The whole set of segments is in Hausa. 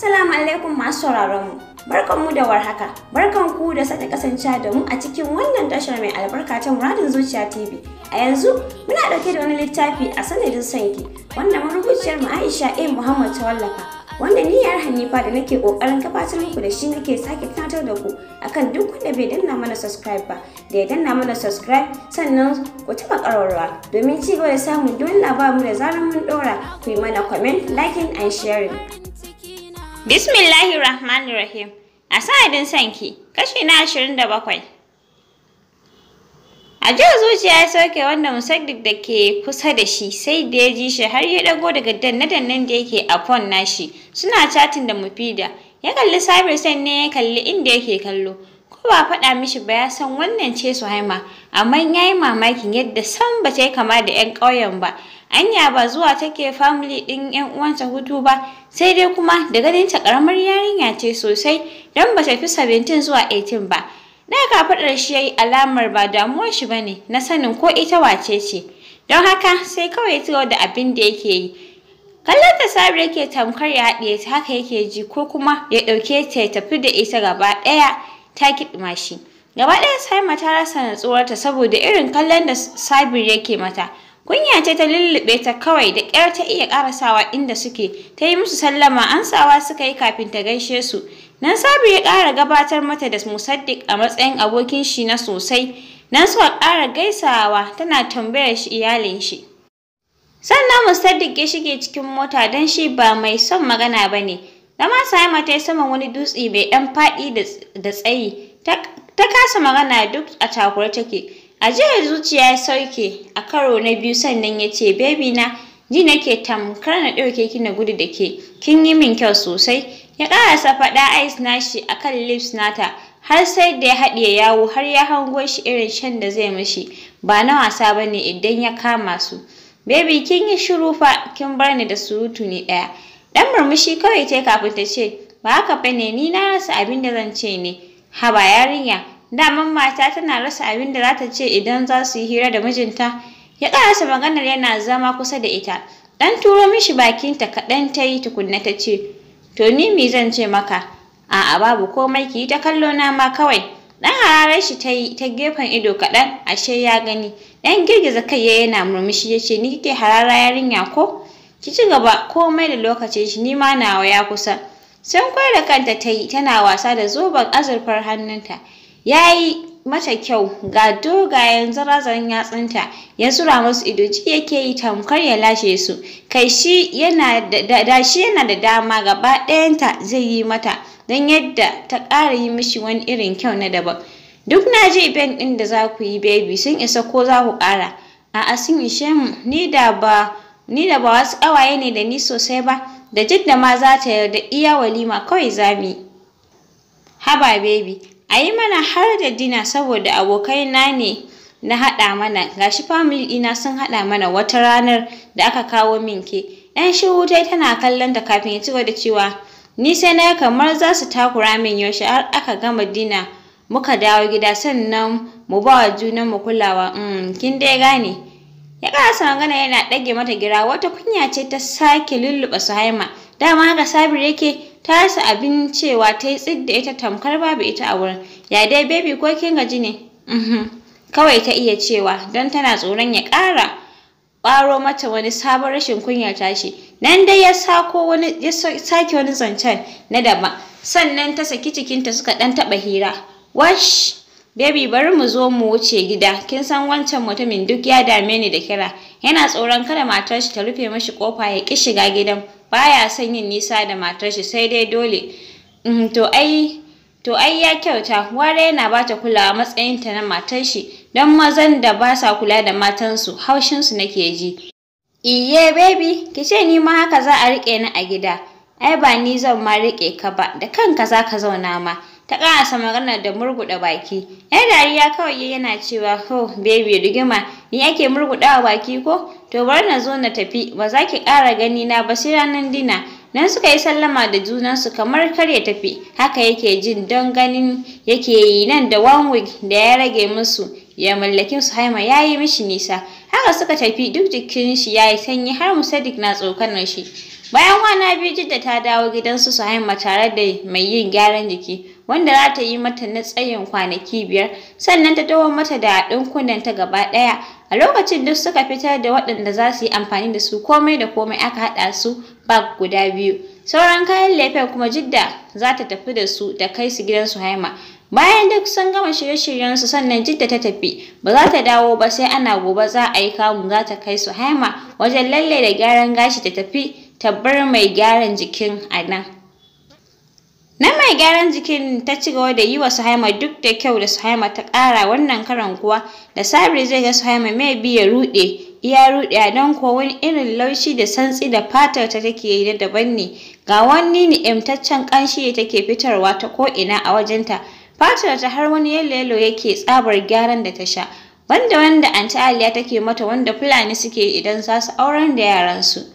Assalamu alaikum masu sauraron mu. Barkan mu da warhaka. Barkan ku da sake kasancewa da mu a cikin wannan tashar mai albarka ta Muradin Zuciya TV. A yanzu muna dauke da wani littafi a sanadin sanki wanda marubuciyar mu Aisha A Muhammad ta wallafa. Wanda ni yar Hanifa da nake kokarin gabatar muku da shi nake sake tunatar da ku akan duk wanda bai danna mana subscribe ba da ya danna mana subscribe sannan ku taba karawarwa domin ci gaba da samun duk labarin da zarar mun dora ku yi mana comment, liking and sharing. Bismillahi Rahmanir Rahim. A sa'adin sanki, kashi na ashirin da bakwai. A jiya zuciya ya sauke wanda musaddik da ke kusa da shi sai da ya ji shi har ya dago daga danne-dannen da yake a fon nashi suna chatin da mufida. Ya kalli Sabir san ne ya kalli inda yake kallo. Ko ba faɗa mishi ba ya san wannan ce su haima, amma ya yi mamakin yadda san ba ta yi kama da 'yan ƙauyen ba. anya ba zuwa take family din 'yan uwanta hutu ba sai dai kuma da ganin ta karamar yarinya ce sosai don ba ta fi 17 zuwa 18 ba na kafaɗar shi ya alamar ba damuwar shi ba na sanin ko ita wace ce don haka sai kawai ya da abin da yake yi kallon ta sabir yake tamkar ya haɗiye ta haka yake ji ko kuma ya ɗauke ta ya tafi da ita gaba ɗaya ta kiɗima shi gaba ɗaya sai mata rasa natsuwarta saboda irin kallon da sabir yake mata Kunya ce ta lullube ta kawai da ƙyar ta iya ƙarasawa inda suke, ta yi musu sallama ansawa suka yi kafin ta gaishe su. Nan sabu ya ƙara gabatar mata da Musaddiq a matsayin abokin shi na sosai, nan suka ƙara gaisawa tana tambayar shi iyalin shi. Sannan Musaddiq ya shige cikin mota don shi ba mai son magana ba ne. Zama Sayama ta yi sama wani dutse mai ɗan faɗi da tsayi, ta kasa magana duk a takure take. a jihar zuciya ya sauke a karo na biyu sannan ya ce baby na ji nake tamkar na ɗauke ki na gudu da ke kin yi min kyau sosai ya ƙarasa faɗa ice nashi a kan lips nata har sai da ya haɗiye yawo har ya hango shi irin shan da zai mashi ba na wasa ba ne idan ya kama su baby kin yi shiru fa kin bar ni da surutu ni ɗaya ɗan murmushi kawai ta kafin ta ce ba haka ba ne ni na rasa abin da zan ce ne haba yarinya daman mata tana rasa abin da za ta ce idan za su yi hira da mijinta ya karasa maganar yana zama kusa da ita ɗan turo mishi bakinta kaɗan ta yi tukunna ta ce to ni me zan ce maka a'a babu komai ki yi ta kallo na ma kawai ɗan hararar shi ta yi ta gefen ido kaɗan ashe ya gani ɗan girgiza kai ya yana murmushi ya ce ni kike harara yarinya ko ki ci gaba komai da lokacin shi ni ma nawa ya kusa sun kwai da kanta ta yi tana wasa da zoben azurfar hannunta ya yi mata kyau ga dogayen zarazan yatsunta ya zura musu ido ji yake yi tamkar ya lashe su kai shi yana da da shi yana da dama gaba ɗayanta zai yi mata don yadda ta ƙara yi mishi wani irin kyau na daban duk na ji ben ɗin da za ku yi baby sun isa ko za ku ƙara a'a sun ishe mu ni da ba ni da ba wasu ƙawaye ne da ni sosai ba da jidda ma za ta yarda iya walima kawai za mu yi haba baby a yi mana har da dina saboda abokai na ne na haɗa mana gashi family ɗina sun haɗa mana wata ranar da aka kawo min ke ɗan shiru wutai tana kallon ta kafin ya ci da cewa ni sai na kamar za su takura min yaushe har aka gama dina muka dawo gida sannan mu ba wa junan mu kulawa mm, kin dai gane ya karasa magana yana ɗage mata gira wata kunya ce ta sake lulluɓa suhaima dama haka sabir yake ta rasa abin cewa ta yi tsid da ita tamkar babu ita a wurin ya dai baby ko kin gaji ne mhm. kawai ta iya cewa don tana tsoron ya ƙara ƙwaro mata wani sabon rashin kunyar tashi nan dai ya wani sake wani zancen na daba sannan ta saki cikinta suka ɗan taɓa hira wash Baby bari mu zo mu wuce gida. Kin san wancan mutumin duk ya dame ni da kira. Yana tsoron kada matar shi ta rufe mashi kofa ya ki shiga gidan. baya son yin nisa da matar shi sai dai dole mm, to ai to ai ya kyauta ware yana ba ta kulawa matsayin ta na matar shi don mazan da ba sa kula da matansu haushin su nake ji iye baby ki ce ni ma haka za a rike ni a gida ai ba ni zan ma rike ka ba da kanka za ka zauna ma ta ƙarasa magana da murguɗa baki. ya dariya kawai yana cewa, ho oh, baby rigima, ni ake murguɗawa baki ko? to bari na zo na tafi ba za ki ƙara gani na ba sai ranar dina nan suka yi sallama da junansu kamar kar ya tafi haka yake jin don ganin yake yi nan da one week da ya rage musu ya mallaki su haima ya yi mishi nisa haka suka tafi duk jikin shi ya yi sanyi har musadik na tsokanar shi bayan kwana biyu jidda ta dawo gidansu su haima tare da mai yin gyaran jiki wanda za ta yi mata na tsayin kwanaki biyar sannan ta taho mata da ɗinkunan ta gaba ɗaya a lokacin duk suka fitar da waɗanda za su yi amfani da su komai da komai aka haɗa su bag guda biyu sauran kayan lefen kuma jidda za ta tafi da su da kai su gidan su haima Bayan duk sun gama shirye shiryen su sannan Jidda ta tafi, ba za ta dawo ba sai ana gobe za a yi kamun za ta kai su haima wajen lalle da gyaran gashi ta tafi ta bar mai gyaran jikin a nan. Na mai gyaran jikin ta ci gaba da yi wa Suhaima duk da kyau da Suhaima ta ƙara wannan karan kuwa da Sabri zai ga Suhaima mai bi ya ruɗe iya ruɗe don kuwa wani irin laushi da santsi da fatar ta take yi na daban ne ga wani ni'imtaccen ƙanshi ya take fitarwa ta ko'ina a wajenta fatar ta har wani yalo yake tsabar gyaran da ta sha banda wanda anti Aliya take mata wanda Fulani suke idan za su auren da yaransu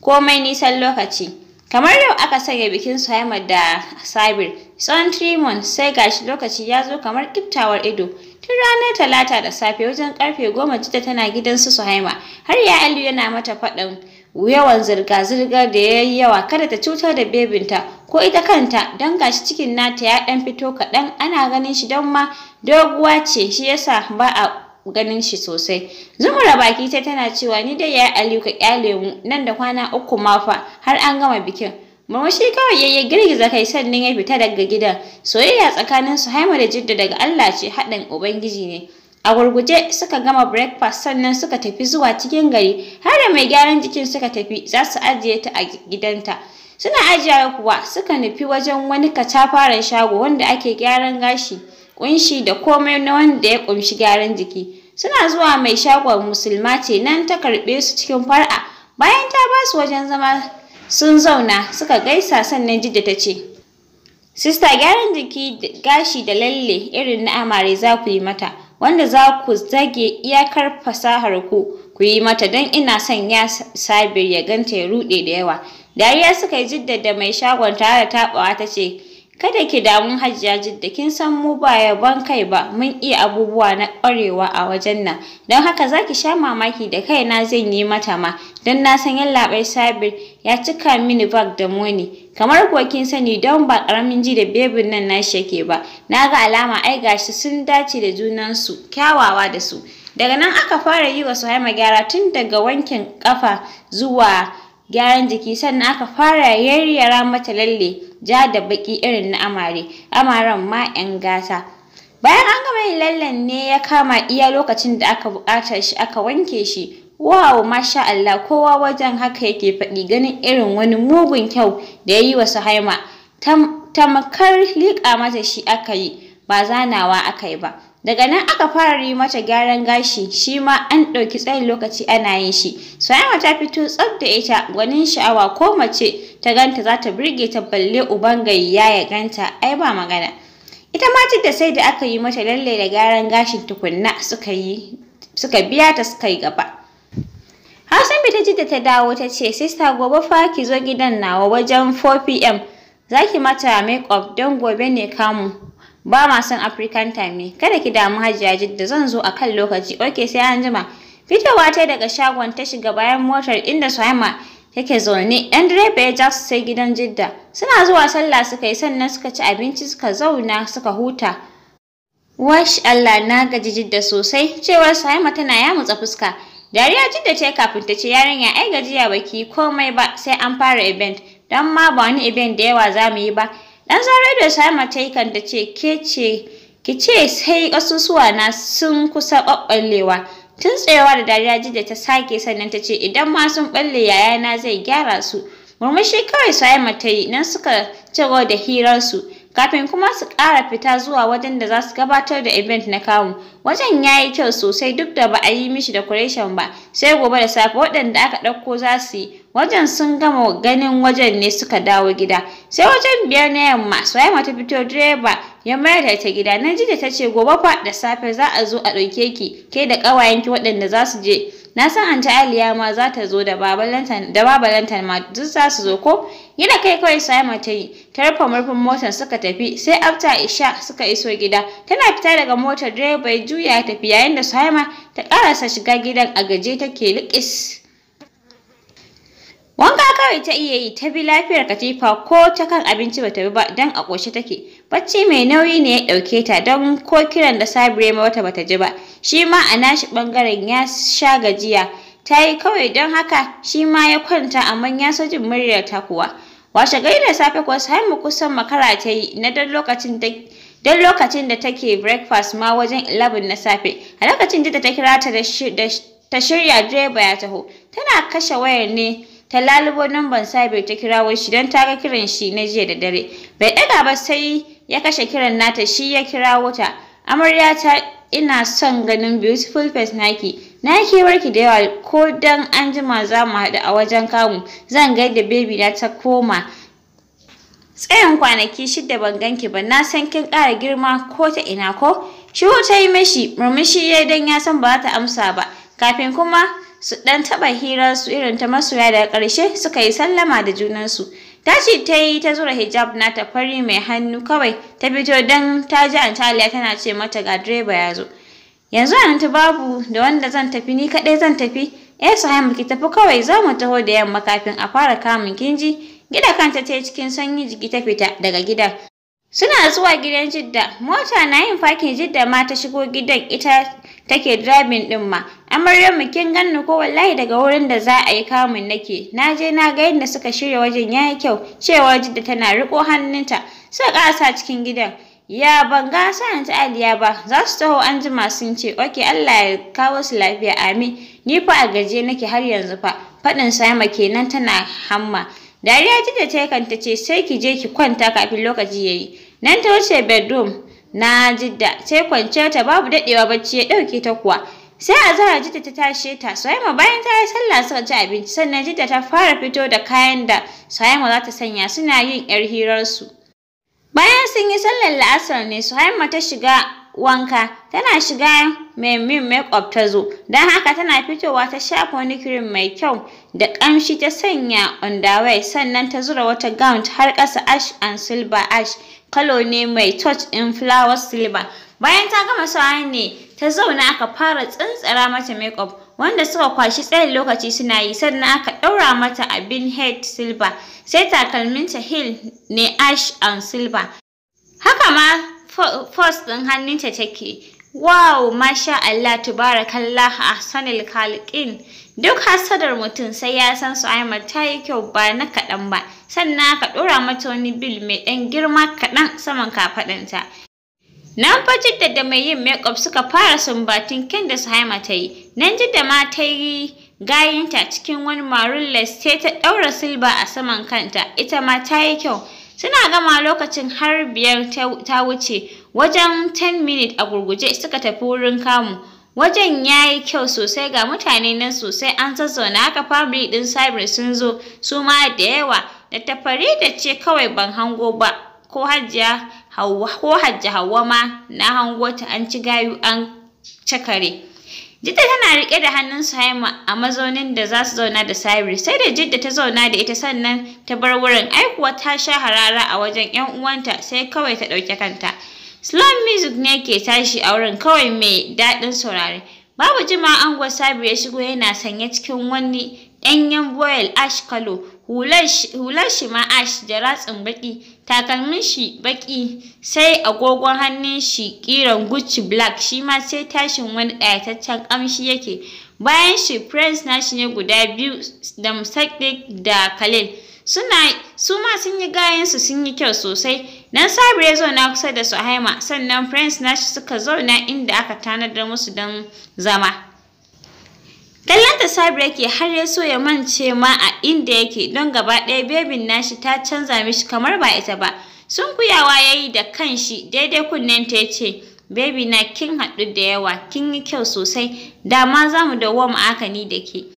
komai nisan lokaci. kamar yau aka sanya bikin Suhaima da Sabir tsawon Trimon sai gashi lokaci ya zo kamar kiftawar ido tun ranar talata da safe wajen karfe goma jita tana gidan su Suhaima har ya Aliyu yana mata faɗan yawan zirga zirga da ya yi yawa kada ta cutar da bebinta ko ita kanta don gashi cikin nata ya ɗan fito kaɗan ana ganin shi don ma doguwa ce shi yasa ba a ganin shi sosai. Zumura baki ta tana cewa ni dai ya Aliyu ka kyale mu nan da kwana uku mafa har an gama bikin. Murmushi kawai yayi girgiza kai sannan ya fita daga gidan. Soyayya tsakanin su Haima da Jidda daga Allah ce haɗin Ubangiji ne. A gurguje suka gama breakfast sannan suka tafi zuwa cikin gari har da mai gyaran jikin suka tafi za su ajiye ta a gidanta. Suna ajiyawa kuwa suka nufi wajen wani katafaren shago wanda ake gyaran gashi. kunshi da komai na wanda ya kunshi gyaran jiki suna zuwa mai shagon musulma ce nan ta karbe su cikin far'a bayan ta ba su wajen zama sun zauna suka gaisa sannan jidda ta ce sista gyaran jiki gashi da lalle irin na amare za ku yi mata wanda za ku zage iyakar fasahar ku ku yi mata don ina son ya sabir ya ganta ya rude da yawa dariya suka yi jidda da mai shagon tare da taɓawa ta ce Kada ki damu Hajiya da kin san mu ba yaban kai ba mun iya abubuwa na ƙwarewa a wajen nan don haka za ki sha mamaki da kaina zan yi mata ma don na san yallaɓai Sabir ya cika mini bag da muni. kamar kuwa kin sani don ba ƙaramin ji da bebin nan na shake ba na ga alama ai gashi sun dace da junansu kyawawa da su daga nan aka fara yi wa Suhaima gyara tun daga wankin ƙafa zuwa gyaran jiki sannan aka fara yayyara mata lalle ja da baki irin na amare amaren ma 'yan gata bayan an gama yin lallan ne ya kama iya lokacin da aka buƙatar shi aka wanke shi wow masha Allah kowa wajen haka yake faɗi ganin irin wani mugun kyau da ya yi wa Suhaima tamakar liƙa mata shi aka yi ba zanawa aka yi ba Daga nan aka fara yi mata gyaran gashi, shi ma an ɗauki tsayin lokaci ana yin shi. Suhaima ta fito tsaf da ita, gwanin sha'awa ko mace ta ganta za ta birge ta balle uban gayya ya ganta, ai ba magana. Ita ma da sai da aka yi mata lalle da gyaran gashin tukunna suka yi suka biya ta suka yi gaba. Hausan bi ta ji da ta dawo ta ce, Sista gobe fa ki zo gidan nawa wajen 4pm, za mata make-up don gobe ne kamu. ba ma son African time ne kada ki damu Hajiya Jidda zan zo a kan lokaci Oke, sai anjima. jima fitowa ta daga shagon ta shiga bayan motar inda Suhaima yake zaune yan direba ya ja su sai gidan Jidda suna zuwa sallah suka yi sannan suka ci abinci suka zauna suka huta wash Allah na gaji Jidda sosai cewar Suhaima tana yamutsa fuska Dariya Jidda ce kafin ta ce yarinya ai gajiya baki komai ba sai an fara event don ma ba wani event da yawa za mu yi ba Ɗan zarar da Shama ta yi kan da ce ke ce ki ce sai kasusuwa na sun kusa ɓaɓɓallewa. Tun tsayawa da dariya ji da ta sake sannan ta ce idan ma sun ɓalle yayana zai gyara su. Murmushi kawai Suhaima ta yi nan suka cigo da hirarsu. kafin kuma su ƙara fita zuwa wajen da za su gabatar da event na kamu. Wajen ya yi kyau sosai duk da ba a yi mishi decoration ba, sai gobe da safe waɗanda aka ɗauko za su yi. Wajen sun gama ganin wajen ne suka dawo gida. Sai wajen biyar na yamma, Suhaima ta fito direba ya mayar da ta gida nan da ta ce gobe fa da safe za a zo a ɗauke ki ke da ƙawayenki waɗanda za su je na san anti aliya ma za ta zo da babalantan da babalantan ma duk za su zo ko yana kai kawai su ta yi ta rufe murfin motar suka tafi sai afta isha suka iso gida tana fita daga motar direba ya juya ya tafi yayin da haima ta karasa shiga gidan a gaje take liƙis wanka kawai ta iya yi ta bi lafiyar katifa ko ta kan abinci ba ta bi ba dan a ƙoshe take Bacci mai nauyi ne ya ɗauke ta don ko kiran da Sabire wata bata ji ba. Shi ma a nashi ɓangaren ya sha gajiya. Ta yi kawai don haka shi ma ya kwanta amma ya so jin muryar ta kuwa. Washe gari da safe kuwa mu kusan makara ta yi na dan lokacin da don lokacin da take breakfast ma wajen 11 na safe. A lokacin da ta kira ta da ta shirya direba ya taho. Tana kashe wayar ne ta lalubo nan ban Sabir ta kirawo shi don ta ga kiran shi na jiya da dare. Bai ɗaga ba sai ya kashe kiran nata shi ya kira wuta. amarya ta ina son ganin beautiful face naki na warki da yawa ko dan an jima za mu haɗu a wajen kamu zan gaida baby na ta koma tsayin kwanaki shida ban ganki ba na san kin ƙara girma ko ta ina ko shiru ta yi mashi murmushi ya dan ya san ba ta amsa ba kafin kuma su dan taɓa hirar su irin ta masoya daga ƙarshe suka yi sallama da junansu ce ta yi ta zura hijab na ta fari mai hannu kawai ta fito don ta ji Antaliya tana ce mata ga direba ya zo. Yanzu a nan ta babu da wanda zan tafi ni kaɗai zan tafi. Eh Suhaima ki tafi kawai za mu taho da yamma kafin a fara kamun kinji. Gida kanta ta yi cikin sanyi jiki ta fita daga gida. Suna zuwa gidan Jidda, mota na yin fakin Jidda ma ta shigo gidan ita take driving din ma. Amaryamu kin ganni ko wallahi daga wurin da za a yi kamun nake. Na je na ga yadda suka shirya wajen yayi kyau. Cewa jidda tana riko hannunta. ka ƙasa cikin gidan. Ya ban ga san ta Aliya ba. Za su taho an jima sun ce, "Oke Allah ya kawo su lafiya. Amin." Ni fa a gaje nake har yanzu fa. Faɗin Sama kenan tana hamma. Dariya jidda ta kanta ce, "Sai ki je ki kwanta kafin lokaci yayi." Nan ta wuce bedroom na jidda sai kwanciyar ta babu dadewa bacci ya dauke ta kuwa sai a zara jidda ta tashe ta suhaima bayan ta yi sallah suka ci abinci sannan jidda ta fara fito da kayan da suhaima za ta sanya suna yin yar hirarsu bayan sun yi sallar la'asar ne suhaima ta shiga wanka tana shiga mai min makeup ta zo don haka tana fitowa ta shafa wani cream mai kyau da kamshi ta sanya underwear sannan ta zura wata gown har ƙasa ash and silver ash kalo ne mai touch in flower silver Bayan ta gama sa'an ne ta zauna aka fara tsantsara mata makeup wanda suka kwashi tsayin lokaci suna yi sannan aka ɗaura mata abin head silver sai takalminta heel ne ash and silver. Haka ma purse ɗin hannunta take. Wow, masha Allah, tubarakallah, ahsanil khalqin. Duk hasadar mutum sai ya san Su'aimar ta yi kyau ba na kaɗan ba, sannan aka ɗora mata wani bil mai ɗan girma kaɗan saman kafaɗanta. Nan fa jidda da mai yin makeup suka fara sumbatin ken da ta yi, nan jidda ma ta yi gayinta cikin wani maroon lace ta ɗaura silba a saman kanta, ita ma ta yi kyau. Suna gama lokacin har biyar ta wuce, wajen 10 minutes a gurguje suka tafi wurin kamu. Wajen ya yi kyau sosai ga mutane nan sosai an zazzauna haka family ɗin Cyber sun zo su ma da yawa da tafare da ce kawai ban hango ba ko hajiya hawa ko Hajji Hauwa ma na hango ta an ci gayu an cakare. Jidda tana riƙe da hannun Suhaima a mazaunin da za su zauna da Sabir sai da Jidda ta zauna da ita sannan ta bar wurin ai kuwa ta sha harara a wajen 'yan uwanta sai kawai ta ɗauki kanta. Slow music ne ke tashi a wurin kawai mai daɗin saurare. Babu jima angon Sabir ya shigo yana sanye cikin wani ɗanyen boil ash kalo hular shi ma ash da ratsin baƙi takalmin shi baki sai agogon hannun shi ƙiran Gucci black shi ma sai tashin wani ɗayataccen ƙamshi yake bayan shi Prince nashi ne guda biyu da Musaddiq da Khalil suna su ma sun yi gayansu sun yi kyau sosai nan Sabir ya zauna kusa da Suhaima sannan Prince nashi suka zauna inda aka tanadar musu don zama Kallonta Sabir yake har ya so ya mance ma a inda yake don gaba ɗaya bebin nashi ta canza mishi kamar ba ita ba. sun kuyawa ya yi da kanshi daidai kunnenta ya ce, bebi na kin haɗu da yawa, kin yi kyau sosai, "Da ma za mu dawo mu aka da ke.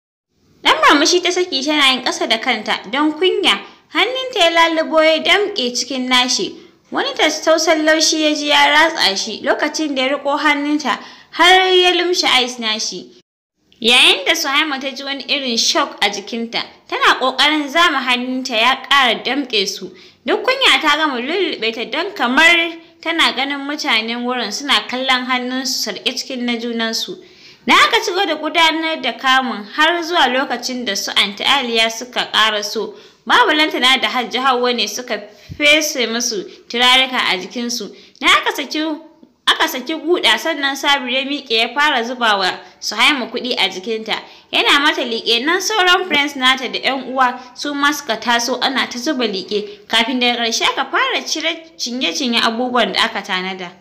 Ɗan murmushi ta saki tana yin ƙasa da kanta don kunya, hannunta ya lalubo ya damƙe cikin nashi. Wani tattausan laushi ya ji ya ratsa shi lokacin da ya riƙo hannunta har ya lumshe ice nashi. Yayin da Suhaima ta ji wani irin shock a jikinta, tana ƙoƙarin zama hannunta ya ƙara damƙe su. Duk kunya ta gama lulluɓe ta don kamar tana ganin mutanen wurin suna kallon hannunsu sarƙe cikin na junansu. Na aka ci da gudanar da kamun har zuwa lokacin da su anti Aliya suka so Babu lantana da Hajji Hauwa ne suka fese musu turarika a jikinsu. Na aka saki Aka saki guda sannan Sabir ya miƙe ya fara zuba wa su haima kuɗi a jikinta. Yana mata liƙe nan sauran friends nata da ‘yan uwa su ma suka taso ana ta zuba liƙe kafin daga ƙarshe aka fara cire cinye-cinye abubuwan da aka tanada.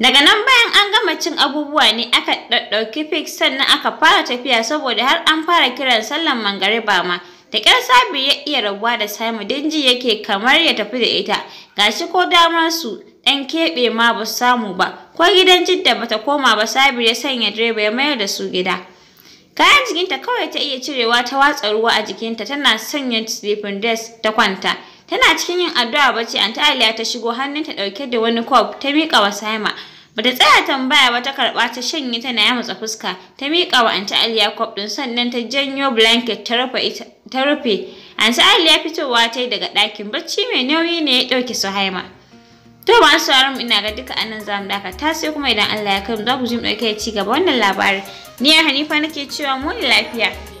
Daga nan bayan an gama cin abubuwa ne aka ɗauki fix sannan aka fara tafiya saboda har an fara kiran sallan ba ma. Da ƙyar sabi ya iya rabuwa da Simon don ji yake kamar ya tafi da ita, gashi ko damar su ɗan keɓe ma ba su samu ba ko gidan jidda ta koma ba sabir ya sanya direba ya mayar da su gida kayan jikinta kawai ta iya cirewa ta watsa ruwa a jikinta tana sanya sleeping desk ta kwanta tana cikin yin addu'a bace anta aliya ta shigo hannunta ɗauke da wani kwaf ta miƙa wa saima bata tsaya tambaya ba ta karɓa ta shanye tana ya matsa fuska ta miƙa wa anti Aliya kwaf ɗin sannan ta janyo blanket ta rufe ta rufe anti Aliya fitowa ta yi daga ɗakin bacci mai nauyi ne ya ɗauke haima. To ba mu ina ga duka anan za mu ta sai kuma idan Allah ya kai mu za mu ji mu dauke ci gaba wannan labarin. Ni Hanifa nake cewa mu lafiya.